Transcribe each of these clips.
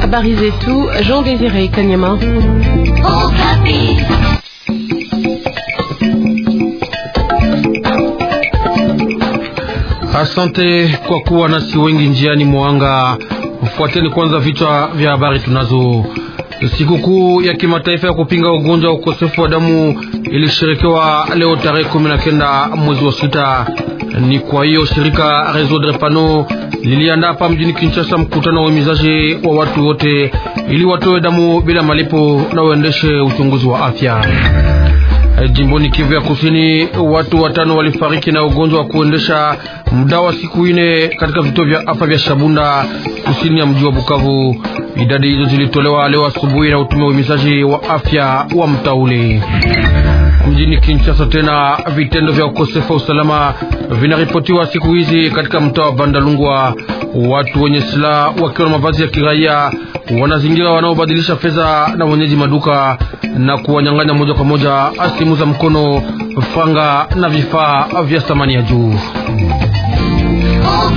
Habari zetu Jean Désiré Kanyama. Asante kwa kuwa nasi wengi njiani mwanga. Fuateni kwanza vichwa vya habari tunazo. Sikukuu ya kimataifa ya kupinga ugonjwa wa ukosefu wa damu ilisherekewa leo tarehe 19 mwezi wa sita. Ni kwa hiyo shirika Réseau Drepano liliandaa hapa mjini Kinshasa mkutano wa imizaji wa watu wote ili watoe damu bila malipo na waendeshe uchunguzi wa afya. Jimboni Kivu ya Kusini, watu watano walifariki na ugonjwa wa kuendesha muda wa siku ine katika vituo vya afya vya Shabunda kusini ya mji wa Bukavu. Idadi hizo zilitolewa leo asubuhi na utume wa imizaji wa afya wa mtauli. Mjini Kinshasa tena vitendo vya ukosefu wa usalama vinaripotiwa siku hizi katika mtaa wa Bandalungwa. Watu wenye silaha wakiwa na mavazi ya kiraia wanazingira wanaobadilisha fedha na wenyeji maduka na kuwanyang'anya moja kwa moja asimu za mkono, franga na vifaa vya thamani ya juu. Oh,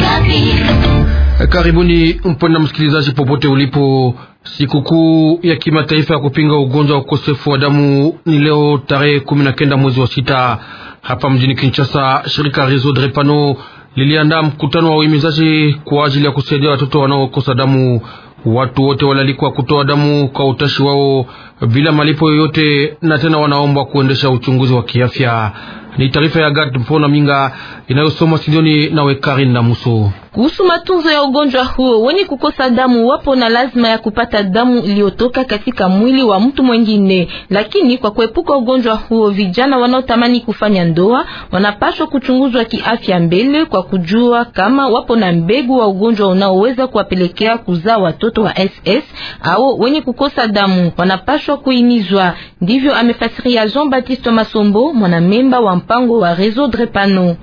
Karibuni mpenda msikilizaji, popote ulipo. Sikukuu ya kimataifa ya kupinga ugonjwa wa ukosefu wa damu ni leo tarehe kumi na kenda mwezi wa sita. Hapa mjini Kinshasa, shirika Rezo Drepano liliandaa mkutano wa uhimizaji kwa ajili ya kusaidia watoto wanaokosa damu. Watu wote walalikwa kutoa damu kwa utashi wao bila malipo yoyote, na tena wanaombwa kuendesha uchunguzi wa kiafya. Ni taarifa ya Gad Mpona Minga inayosoma studioni na Wekarin na Muso kuhusu matunzo ya ugonjwa huo. Wenye kukosa damu wapo na lazima ya kupata damu iliyotoka katika mwili wa mtu mwingine, lakini kwa kuepuka ugonjwa huo, vijana wanaotamani kufanya ndoa wanapaswa kuchunguzwa kiafya mbele kwa kujua kama wapo na mbegu wa ugonjwa unaoweza kuwapelekea kuzaa watoto wa SS au wenye kukosa damu wanapaswa yanapashwa kuhimizwa. Ndivyo amefasiria Jean Baptiste Masombo, mwanamemba wa mpango wa Réseau Drepano.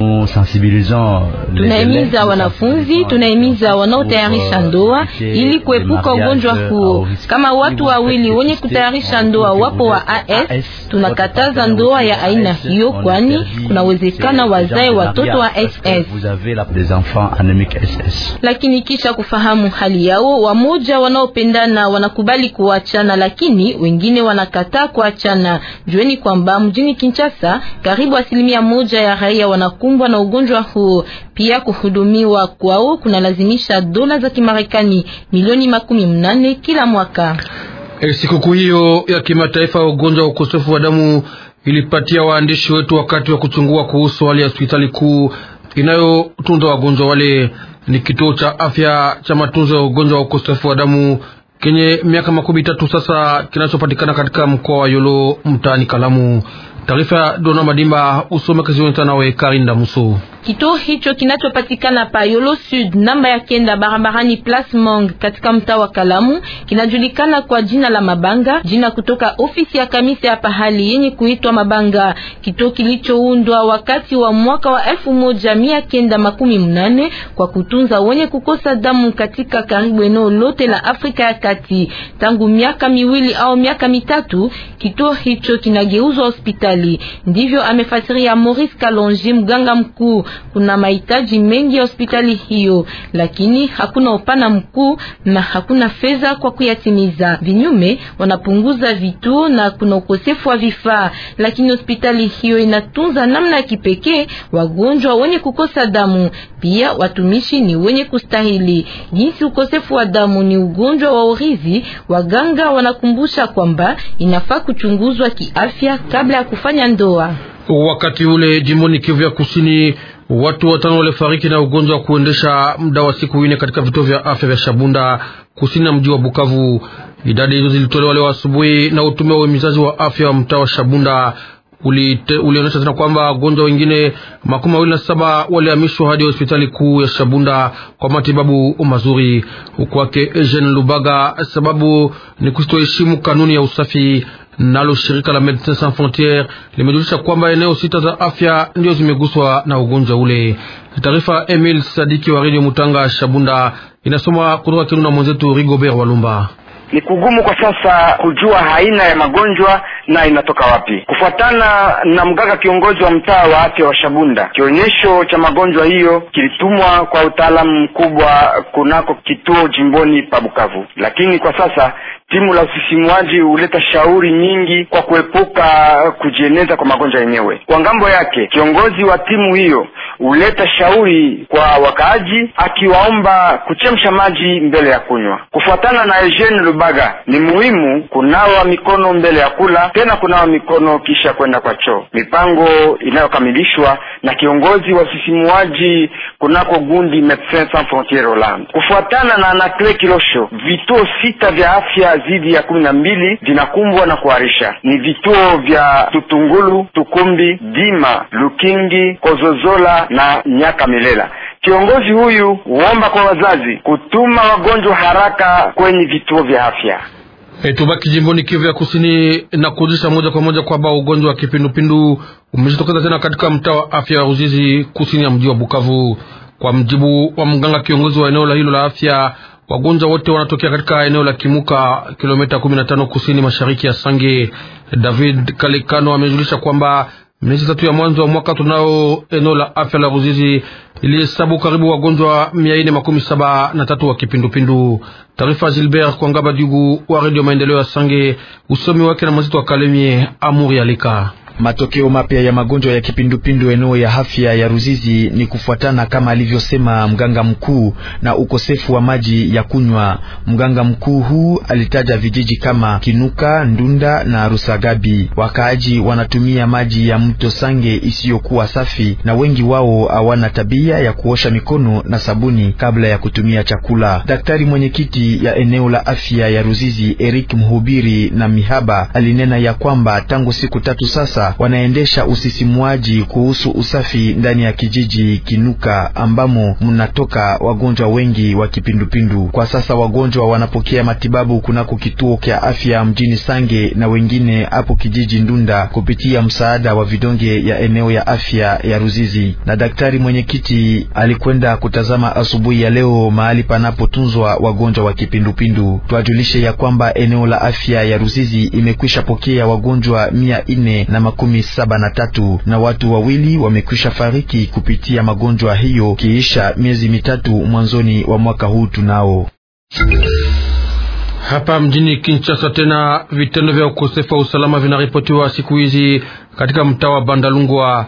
Tunahimiza wanafunzi, tunahimiza wanaotayarisha euh, ndoa ili kuepuka ugonjwa huo. Kama watu wawili wenye kutayarisha ndoa wapo wa AS, tunakataza ndoa ya aina hiyo, kwani kunawezekana wazae watoto wa SS. Lakini kisha kufahamu hali yao, wamoja wanaopendana wanakubali kuachana, lakini wengine wanakataa kuachana. Jueni kwamba mjini Kinshasa karibu asilimia moja ya raia wanakumbwa na ugonjwa huo Pia kuhudumiwa kwao kunalazimisha dola za Kimarekani milioni makumi mnane kila mwaka. E, sikukuu hiyo ya kimataifa ya ugonjwa wa ukosefu wa damu ilipatia waandishi wetu wakati wa kuchungua kuhusu hali ya hospitali kuu inayotunza wagonjwa wale. Ni kituo cha afya cha matunzo ya ugonjwa wa ukosefu wa damu kenye miaka makumi tatu sasa kinachopatikana katika mkoa wa Yolo mtaani Kalamu. Taarifa ya Dona Madimba usome Kazioni Tanawe Karinda Musu. Kituo hicho kinachopatikana pa Yolo Sud namba ya kenda barabarani Place Mong katika mtaa wa Kalamu kinajulikana kwa jina la Mabanga, jina kutoka ofisi ya kamisa ya pahali yenye kuitwa Mabanga. Kituo kilichoundwa wakati wa mwaka wa elfu moja mia kenda makumi mnane kwa kutunza wenye kukosa damu katika karibu eneo lote la Afrika ya Kati. Tangu miaka miwili au miaka mitatu, kituo hicho kinageuzwa hospitali. Ndivyo amefasiria Maurice Kalonji, mganga mkuu kuna mahitaji mengi ya hospitali hiyo, lakini hakuna upana mkuu na hakuna fedha kwa kuyatimiza. Vinyume wanapunguza vituo na kuna ukosefu wa vifaa, lakini hospitali hiyo inatunza namna ya kipekee wagonjwa wenye kukosa damu. Pia watumishi ni wenye kustahili. Jinsi ukosefu wa damu ni ugonjwa wa urithi, waganga wanakumbusha kwamba inafaa kuchunguzwa kiafya kabla ya kufanya ndoa. Wakati ule jimboni Kivu ya Kusini Watu watano walifariki na ugonjwa wa kuendesha muda wa siku ine katika vituo vya afya vya Shabunda kusini na mji wa Bukavu. Idadi hizo zilitolewa leo asubuhi na utume wa uhimizaji wa afya wa mtaa wa Shabunda ulionyesha tena kwamba wagonjwa wengine makumi mawili na saba walihamishwa hadi hospitali kuu ya Shabunda kwa matibabu mazuri. Kwake Eugene Lubaga, sababu ni kutoheshimu kanuni ya usafi Nalo shirika la Medecins Sans Frontieres limejulisha kwamba eneo sita za afya ndio zimeguswa na ugonjwa ule. Taarifa Emil Sadiki wa Radio Mutanga Shabunda inasoma kutoka na mwenzetu Rigobert Walumba. Ni kugumu kwa sasa kujua aina ya magonjwa na inatoka wapi. Kufuatana na mganga kiongozi wa mtaa wa afya wa Shabunda, kionyesho cha magonjwa hiyo kilitumwa kwa utaalamu mkubwa kunako kituo jimboni pa Bukavu, lakini kwa sasa timu la usisimuaji huleta shauri nyingi kwa kuepuka kujieneza kwa magonjwa yenyewe. Kwa ngambo yake, kiongozi wa timu hiyo huleta shauri kwa wakaaji, akiwaomba kuchemsha maji mbele ya kunywa. Kufuatana na Eugene Lubaga, ni muhimu kunawa mikono mbele ya kula, tena kunawa mikono kisha kwenda kwa choo, mipango inayokamilishwa na kiongozi wa sisimuaji kunako gundi Medecins Sans Frontieres Hollande. Kufuatana na Anacle Kilosho, vituo sita vya afya zidi ya kumi na mbili vinakumbwa na kuharisha. Ni vituo vya Tutungulu, Tukumbi, Dima, Lukingi, Kozozola na miaka milela. Kiongozi huyu huomba kwa wazazi kutuma wagonjwa haraka kwenye vituo vya afya. E, tubaki jimboni Kivu ya Kusini na kujulisha moja kwa moja kwamba ugonjwa wa kipindupindu umejitokeza tena katika mtaa wa afya ya Ruzizi kusini ya mji wa Bukavu. Kwa mjibu wa mganga kiongozi wa eneo la hilo la afya, wagonjwa wote wanatokea katika eneo la Kimuka, kilomita 15 kusini mashariki ya Sange. David Kalikano amejulisha kwamba Miezi tatu ya mwanzo wa mwaka tunao eneo la afya la Ruzizi ilihesabu karibu wagonjwa mia nne makumi saba na tatu wa kipindupindu. Taarifa Gilbert Kwangaba Dugu wa redio Maendeleo ya Sange, usomi wake na mwenzetu wa Kalemie Amuri Alika. Matokeo mapya ya magonjwa ya kipindupindu eneo ya afya ya Ruzizi ni kufuatana kama alivyosema mganga mkuu na ukosefu wa maji ya kunywa. Mganga mkuu huu alitaja vijiji kama Kinuka, Ndunda na Rusagabi. Wakaaji wanatumia maji ya mto Sange isiyokuwa safi na wengi wao hawana tabia ya kuosha mikono na sabuni kabla ya kutumia chakula. Daktari mwenyekiti ya eneo la afya ya Ruzizi Eric Mhubiri na Mihaba alinena ya kwamba tangu siku tatu sasa sasa wanaendesha usisimuaji kuhusu usafi ndani ya kijiji Kinuka ambamo mnatoka wagonjwa wengi wa kipindupindu. Kwa sasa wagonjwa wanapokea matibabu kunako kituo kya afya mjini Sange na wengine hapo kijiji Ndunda kupitia msaada wa vidonge ya eneo ya afya ya Ruzizi. Na daktari mwenyekiti alikwenda kutazama asubuhi ya leo mahali panapotunzwa wagonjwa wa kipindupindu. Twajulishe ya kwamba eneo la afya ya Ruzizi imekwisha pokea wagonjwa mia ine na makumi saba na tatu na watu wawili wamekwisha fariki kupitia magonjwa hiyo kiisha miezi mitatu mwanzoni wa mwaka huu tunao hapa mjini Kinshasa tena vitendo vya ukosefu wa usalama vinaripotiwa siku hizi katika mtaa wa Bandalungwa,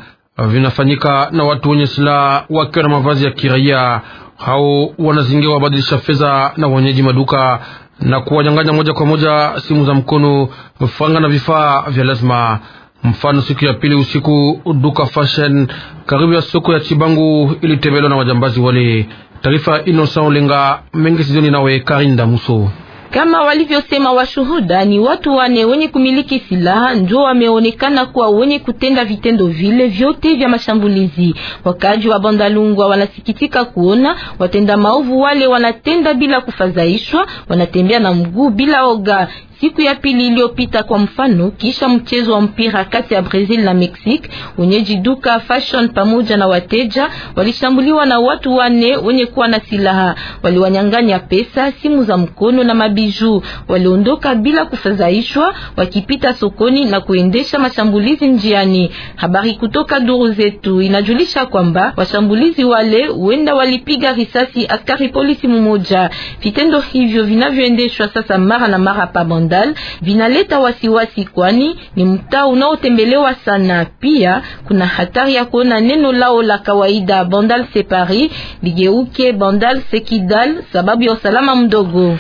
vinafanyika na watu wenye silaha wakiwa na mavazi ya kiraia. Hao wanazingiwa wabadilisha fedha na wenyeji maduka na kuwanyang'anya moja kwa moja simu za mkono, franga na vifaa vya lazima. Mfano, siku ya pili usiku duka fashion karibu ya soko ya Chibangu ilitembelewa na wajambazi wale. Taarifa Innocent Olenga mengi sizoni nawe Karinda Muso kama walivyosema washuhuda, ni watu wane wenye kumiliki silaha ndio wameonekana kuwa wenye kutenda vitendo vile vyote vya mashambulizi. Wakaji wa Bandalungwa wanasikitika kuona watenda maovu wale wanatenda bila kufadhaishwa, wanatembea na mguu bila oga siku ya pili iliyopita. Kwa mfano, kisha mchezo wa mpira kati ya Brazil na Mexico, wenyeji duka fashion pamoja na wateja walishambuliwa na watu wane wenye kuwa na silaha. Waliwanyang'anya pesa, simu za mkono na mabiju. Waliondoka bila kufadhaishwa, wakipita sokoni na kuendesha mashambulizi njiani. Habari kutoka duru zetu inajulisha kwamba washambulizi wale huenda walipiga risasi askari polisi mmoja. Vitendo hivyo vinavyoendeshwa sasa mara na mara pa pabanda Sandal vinaleta wasiwasi, kwani ni mtaa unaotembelewa sana. Pia kuna hatari ya kuona neno lao la kawaida bandal separi ligeuke bandal sekidal sababu ya usalama mdogo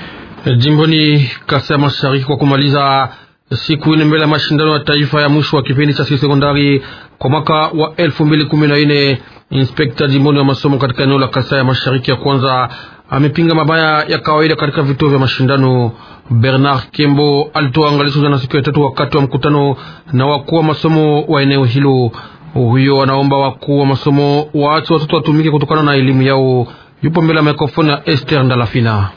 jimboni Kasai ya Mashariki. Kwa kumaliza siku ine mbele ya mashindano ya taifa ya mwisho wa kipindi cha sekondari kwa mwaka wa elfu mbili kumi na nne inspekta jimboni wa masomo katika eneo la Kasai ya Mashariki ya kwanza amepinga mabaya ya kawaida katika vituo vya mashindano. Bernard Kembo alitoa na jana siku ya tatu wakati wa mkutano na wakuu wa masomo wa eneo hilo. Huyo anaomba wakuu wa masomo waache watoto watumike kutokana na elimu yao. Yupo mbele ya mikrofoni ya Esther Ndalafina.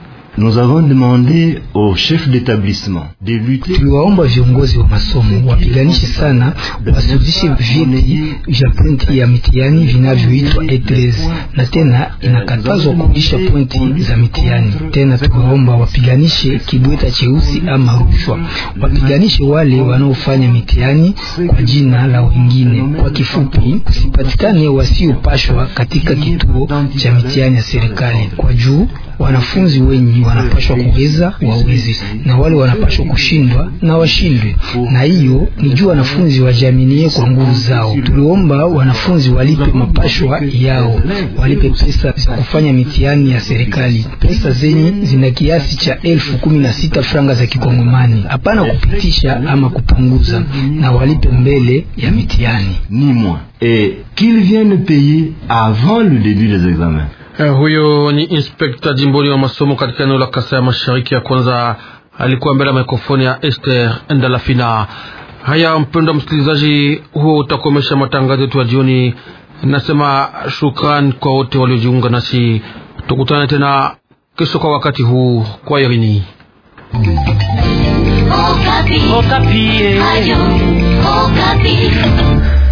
Tuliwaomba viongozi wa masomo wapiganishe sana wasuzishe vyeti vya pointi ya mitihani vinavyoitwa e na tena inakatazwa kurudisha pointi za mitihani tena. Tuliwaomba wapiganishe kibweta cheusi ama rushwa, wapiganishe wale wanaofanya mitihani kwa jina la wengine. Kwa kifupi, kusipatikane wasiopashwa katika kituo cha mitihani ya serikali kwa juu wanafunzi wenyi wanapashwa kuweza waweze, na wale wanapashwa kushindwa na washindwe, na hiyo ni juu wanafunzi wajaminie kwa nguvu zao. Tuliomba wanafunzi walipe mapashwa yao, walipe pesa za kufanya mitihani ya serikali, pesa zenye zina kiasi cha elfu kumi na sita franga za kikongomani, hapana kupitisha ama kupunguza, na walipe mbele ya mitihani. Ni mwa et qu'ils viennent payer avant le début des examens. Uh, huyo ni inspekta jimboni wa masomo katika eneo la Kasai ya Mashariki ya kwanza, alikuwa mbele ya mikrofoni ya Esther Ndalafina. Haya, mpendo msikilizaji, huo utakomesha matangazo yetu ya jioni. Nasema shukran kwa wote waliojiunga nasi, tukutane tena kesho kwa wakati huu. Kwa irini. Oh, Okapi. Okapi. Eh. Ayu, oh, Okapi.